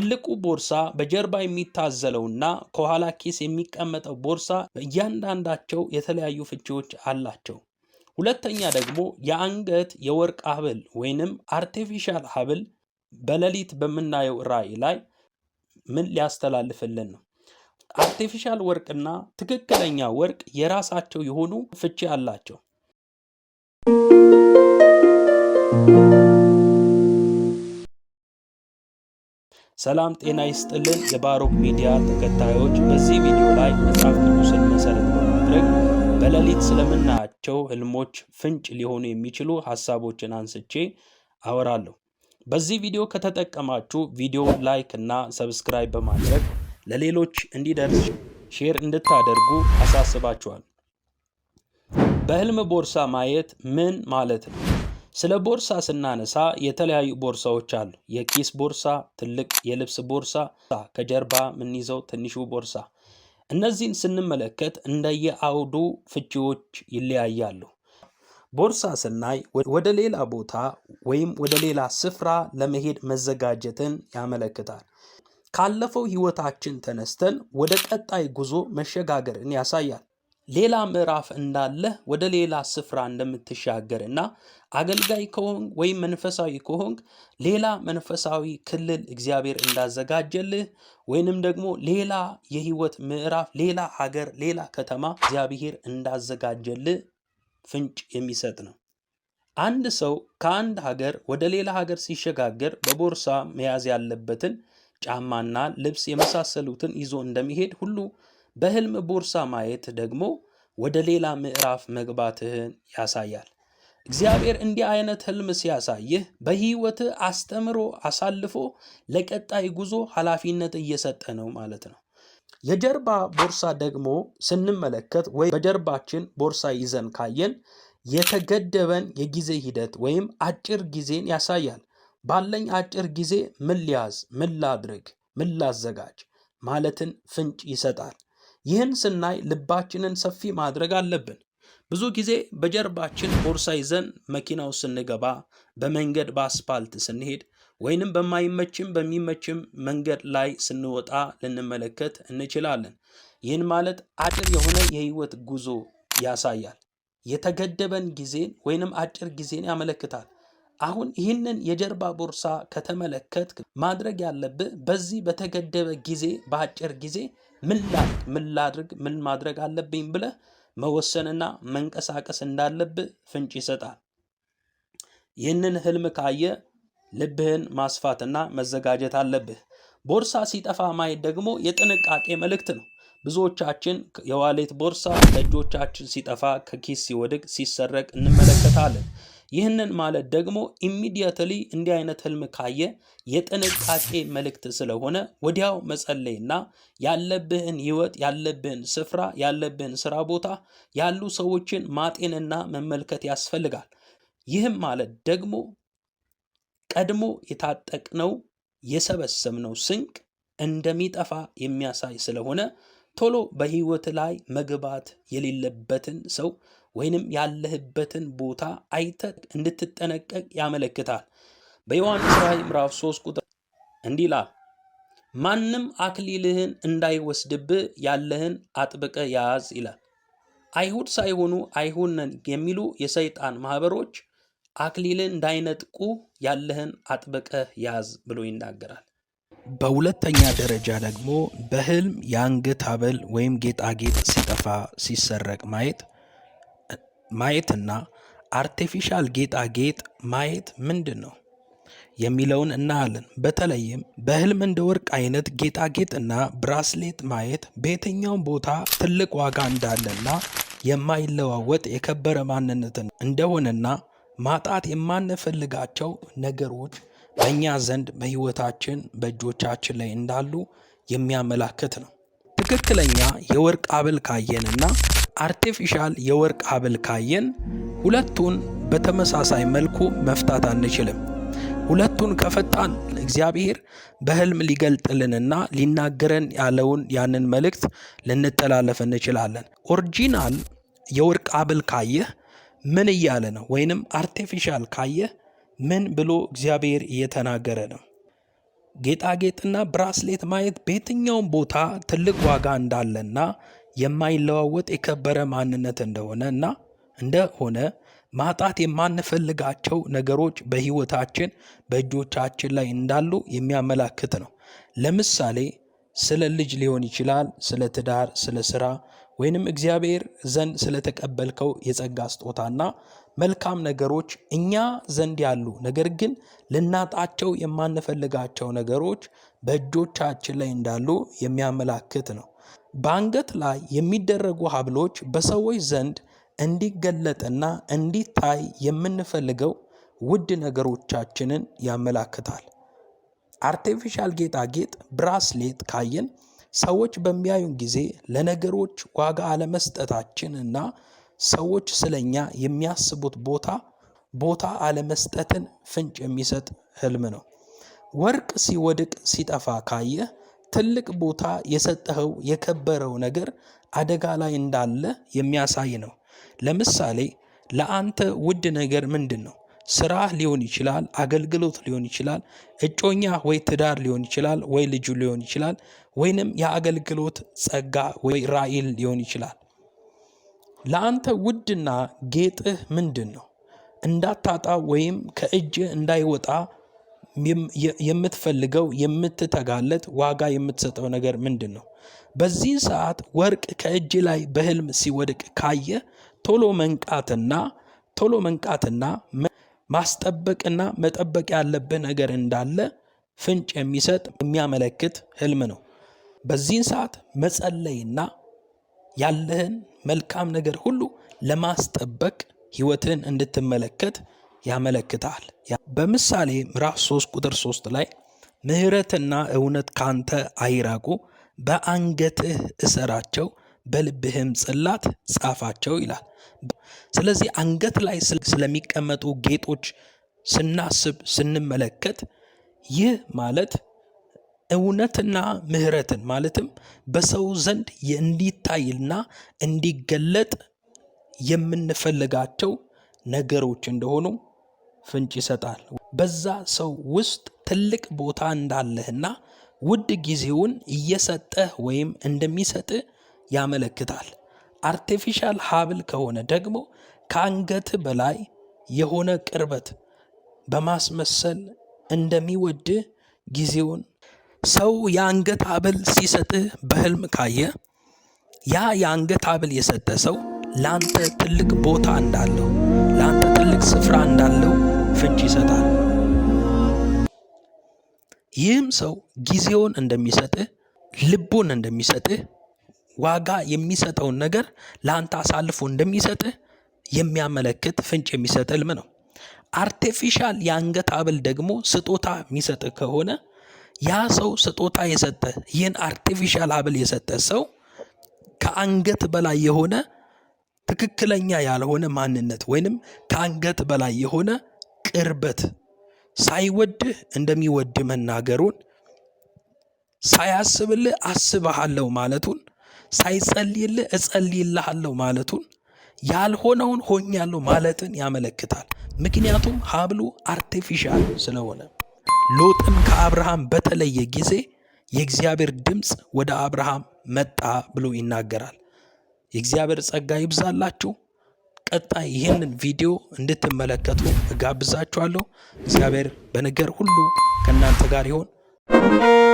ትልቁ ቦርሳ በጀርባ የሚታዘለውና ከኋላ ኪስ የሚቀመጠው ቦርሳ እያንዳንዳቸው የተለያዩ ፍቺዎች አላቸው። ሁለተኛ ደግሞ የአንገት የወርቅ ሀብል ወይንም አርቲፊሻል ሀብል በሌሊት በምናየው ራእይ ላይ ምን ሊያስተላልፍልን ነው? አርቲፊሻል ወርቅና ትክክለኛ ወርቅ የራሳቸው የሆኑ ፍቺ አላቸው። ሰላም ጤና ይስጥልን የባሮክ ሚዲያ ተከታዮች፣ በዚህ ቪዲዮ ላይ መጽሐፍ ቅዱስን መሰረት በማድረግ በሌሊት ስለምናያቸው ህልሞች ፍንጭ ሊሆኑ የሚችሉ ሀሳቦችን አንስቼ አወራለሁ። በዚህ ቪዲዮ ከተጠቀማችሁ ቪዲዮ ላይክ እና ሰብስክራይብ በማድረግ ለሌሎች እንዲደርስ ሼር እንድታደርጉ አሳስባችኋል። በህልም ቦርሳ ማየት ምን ማለት ነው? ስለ ቦርሳ ስናነሳ የተለያዩ ቦርሳዎች አሉ። የኪስ ቦርሳ፣ ትልቅ የልብስ ቦርሳ፣ ከጀርባ የምንይዘው ትንሹ ቦርሳ። እነዚህን ስንመለከት እንደየአውዱ ፍቺዎች ይለያያሉ። ቦርሳ ስናይ ወደ ሌላ ቦታ ወይም ወደ ሌላ ስፍራ ለመሄድ መዘጋጀትን ያመለክታል። ካለፈው ሕይወታችን ተነስተን ወደ ቀጣይ ጉዞ መሸጋገርን ያሳያል። ሌላ ምዕራፍ እንዳለ ወደ ሌላ ስፍራ እንደምትሻገር እና አገልጋይ ከሆንክ ወይም መንፈሳዊ ከሆንክ ሌላ መንፈሳዊ ክልል እግዚአብሔር እንዳዘጋጀልህ ወይንም ደግሞ ሌላ የህይወት ምዕራፍ፣ ሌላ ሀገር፣ ሌላ ከተማ እግዚአብሔር እንዳዘጋጀልህ ፍንጭ የሚሰጥ ነው። አንድ ሰው ከአንድ ሀገር ወደ ሌላ ሀገር ሲሸጋገር በቦርሳ መያዝ ያለበትን ጫማና ልብስ የመሳሰሉትን ይዞ እንደሚሄድ ሁሉ በህልም ቦርሳ ማየት ደግሞ ወደ ሌላ ምዕራፍ መግባትህን ያሳያል። እግዚአብሔር እንዲህ አይነት ህልም ሲያሳይህ በህይወት አስተምሮ አሳልፎ ለቀጣይ ጉዞ ኃላፊነት እየሰጠ ነው ማለት ነው። የጀርባ ቦርሳ ደግሞ ስንመለከት ወይ በጀርባችን ቦርሳ ይዘን ካየን የተገደበን የጊዜ ሂደት ወይም አጭር ጊዜን ያሳያል። ባለኝ አጭር ጊዜ ምን ሊያዝ፣ ምን ላድርግ፣ ምን ላዘጋጅ ማለትን ፍንጭ ይሰጣል። ይህን ስናይ ልባችንን ሰፊ ማድረግ አለብን። ብዙ ጊዜ በጀርባችን ቦርሳ ይዘን መኪናው ስንገባ፣ በመንገድ በአስፓልት ስንሄድ፣ ወይንም በማይመችም በሚመችም መንገድ ላይ ስንወጣ ልንመለከት እንችላለን። ይህን ማለት አጭር የሆነ የህይወት ጉዞ ያሳያል። የተገደበን ጊዜን ወይንም አጭር ጊዜን ያመለክታል። አሁን ይህንን የጀርባ ቦርሳ ከተመለከት ማድረግ ያለብህ በዚህ በተገደበ ጊዜ በአጭር ጊዜ ምን ላድርግ ምን ማድረግ አለብኝ ብለህ መወሰንና መንቀሳቀስ እንዳለብህ ፍንጭ ይሰጣል። ይህንን ህልም ካየ ልብህን ማስፋትና መዘጋጀት አለብህ። ቦርሳ ሲጠፋ ማየት ደግሞ የጥንቃቄ መልእክት ነው። ብዙዎቻችን የዋሌት ቦርሳ ከእጆቻችን ሲጠፋ፣ ከኪስ ሲወድቅ፣ ሲሰረቅ እንመለከታለን። ይህንን ማለት ደግሞ ኢሚዲየትሊ እንዲህ አይነት ህልም ካየ የጥንቃቄ መልእክት ስለሆነ ወዲያው መጸለይና ያለብህን ህይወት፣ ያለብህን ስፍራ፣ ያለብህን ስራ ቦታ ያሉ ሰዎችን ማጤንና መመልከት ያስፈልጋል። ይህም ማለት ደግሞ ቀድሞ የታጠቅነው የሰበሰብነው ስንቅ እንደሚጠፋ የሚያሳይ ስለሆነ ቶሎ በህይወት ላይ መግባት የሌለበትን ሰው ወይንም ያለህበትን ቦታ አይተ እንድትጠነቀቅ ያመለክታል። በዮሐንስ ራእይ ምዕራፍ 3 ቁጥር እንዲህ ይላል፣ ማንም አክሊልህን እንዳይወስድብህ ያለህን አጥብቀ ያዝ ይላል። አይሁድ ሳይሆኑ አይሁድ ነን የሚሉ የሰይጣን ማህበሮች አክሊልን እንዳይነጥቁ ያለህን አጥብቀ ያዝ ብሎ ይናገራል። በሁለተኛ ደረጃ ደግሞ በህልም የአንገት ሐብል ወይም ጌጣጌጥ ሲጠፋ ሲሰረቅ ማየት ማየትና አርቴፊሻል ጌጣጌጥ ማየት ምንድን ነው የሚለውን እናያለን። በተለይም በህልም እንደ ወርቅ አይነት ጌጣጌጥና ብራስሌት ማየት በየትኛውም ቦታ ትልቅ ዋጋ እንዳለና የማይለዋወጥ የከበረ ማንነትን እንደሆነና ማጣት የማንፈልጋቸው ነገሮች በእኛ ዘንድ በህይወታችን በእጆቻችን ላይ እንዳሉ የሚያመላክት ነው። ትክክለኛ የወርቅ ሀብል ካየንና አርቲፊሻል የወርቅ ሀብል ካየን ሁለቱን በተመሳሳይ መልኩ መፍታት አንችልም። ሁለቱን ከፈጣን እግዚአብሔር በህልም ሊገልጥልንና ሊናገረን ያለውን ያንን መልእክት ልንተላለፍ እንችላለን። ኦሪጂናል የወርቅ ሀብል ካየህ ምን እያለ ነው? ወይንም አርቲፊሻል ካየህ ምን ብሎ እግዚአብሔር እየተናገረ ነው? ጌጣጌጥና ብራስሌት ማየት በየትኛውም ቦታ ትልቅ ዋጋ እንዳለና የማይለዋወጥ የከበረ ማንነት እንደሆነ እና እንደሆነ ማጣት የማንፈልጋቸው ነገሮች በህይወታችን በእጆቻችን ላይ እንዳሉ የሚያመላክት ነው። ለምሳሌ ስለ ልጅ ሊሆን ይችላል፣ ስለ ትዳር፣ ስለ ስራ ወይንም እግዚአብሔር ዘንድ ስለተቀበልከው የጸጋ ስጦታና መልካም ነገሮች እኛ ዘንድ ያሉ ነገር ግን ልናጣቸው የማንፈልጋቸው ነገሮች በእጆቻችን ላይ እንዳሉ የሚያመላክት ነው። በአንገት ላይ የሚደረጉ ሀብሎች በሰዎች ዘንድ እንዲገለጥና እንዲታይ የምንፈልገው ውድ ነገሮቻችንን ያመላክታል። አርቴፊሻል ጌጣጌጥ ብራስሌት ካየን ሰዎች በሚያዩን ጊዜ ለነገሮች ዋጋ አለመስጠታችን እና ሰዎች ስለኛ የሚያስቡት ቦታ ቦታ አለመስጠትን ፍንጭ የሚሰጥ ህልም ነው። ወርቅ ሲወድቅ ሲጠፋ ካየህ ትልቅ ቦታ የሰጠኸው የከበረው ነገር አደጋ ላይ እንዳለ የሚያሳይ ነው። ለምሳሌ ለአንተ ውድ ነገር ምንድን ነው? ስራህ ሊሆን ይችላል፣ አገልግሎት ሊሆን ይችላል፣ እጮኛ ወይ ትዳር ሊሆን ይችላል፣ ወይ ልጁ ሊሆን ይችላል፣ ወይንም የአገልግሎት ጸጋ ወይ ራዕይል ሊሆን ይችላል። ለአንተ ውድና ጌጥህ ምንድን ነው? እንዳታጣ ወይም ከእጅህ እንዳይወጣ የምትፈልገው የምትተጋለት ዋጋ የምትሰጠው ነገር ምንድን ነው? በዚህ ሰዓት ወርቅ ከእጅ ላይ በህልም ሲወድቅ ካየ ቶሎ መንቃትና ቶሎ መንቃትና ማስጠበቅና መጠበቅ ያለብህ ነገር እንዳለ ፍንጭ የሚሰጥ የሚያመለክት ህልም ነው። በዚህን ሰዓት መጸለይና ያለህን መልካም ነገር ሁሉ ለማስጠበቅ ህይወትን እንድትመለከት ያመለክታል። በምሳሌ ምዕራፍ 3 ቁጥር 3 ላይ ምሕረትና እውነት ካንተ አይራቁ፣ በአንገትህ እሰራቸው፣ በልብህም ጽላት ጻፋቸው ይላል። ስለዚህ አንገት ላይ ስለሚቀመጡ ጌጦች ስናስብ ስንመለከት ይህ ማለት እውነትና ምሕረትን ማለትም በሰው ዘንድ እንዲታይልና እንዲገለጥ የምንፈልጋቸው ነገሮች እንደሆኑ ፍንጭ ይሰጣል። በዛ ሰው ውስጥ ትልቅ ቦታ እንዳለህና ውድ ጊዜውን እየሰጠህ ወይም እንደሚሰጥህ ያመለክታል። አርቴፊሻል ሀብል ከሆነ ደግሞ ከአንገት በላይ የሆነ ቅርበት በማስመሰል እንደሚወድህ ጊዜውን ሰው የአንገት ሀብል ሲሰጥህ በህልም ካየ ያ የአንገት ሀብል የሰጠ ሰው ለአንተ ትልቅ ቦታ እንዳለው፣ ለአንተ ትልቅ ስፍራ እንዳለው ይሰጣል። ይህም ሰው ጊዜውን እንደሚሰጥህ ልቡን እንደሚሰጥህ ዋጋ የሚሰጠውን ነገር ለአንተ አሳልፎ እንደሚሰጥህ የሚያመለክት ፍንጭ የሚሰጥ ህልም ነው። አርቴፊሻል የአንገት ሀብል ደግሞ ስጦታ የሚሰጥህ ከሆነ ያ ሰው ስጦታ የሰጠ ይህን አርቴፊሻል ሀብል የሰጠ ሰው ከአንገት በላይ የሆነ ትክክለኛ ያልሆነ ማንነት ወይንም ከአንገት በላይ የሆነ ቅርበት ሳይወድህ እንደሚወድ መናገሩን ሳያስብልህ አስብሃለሁ ማለቱን ሳይጸልይልህ እጸልይልሃለሁ ማለቱን ያልሆነውን ሆኛለሁ ማለትን ያመለክታል። ምክንያቱም ሀብሉ አርቲፊሻል ስለሆነ ሎጥም ከአብርሃም በተለየ ጊዜ የእግዚአብሔር ድምፅ ወደ አብርሃም መጣ ብሎ ይናገራል። የእግዚአብሔር ጸጋ ይብዛላችሁ። ቀጣይ ይህንን ቪዲዮ እንድትመለከቱ እጋብዛችኋለሁ። እግዚአብሔር በነገር ሁሉ ከእናንተ ጋር ይሆን።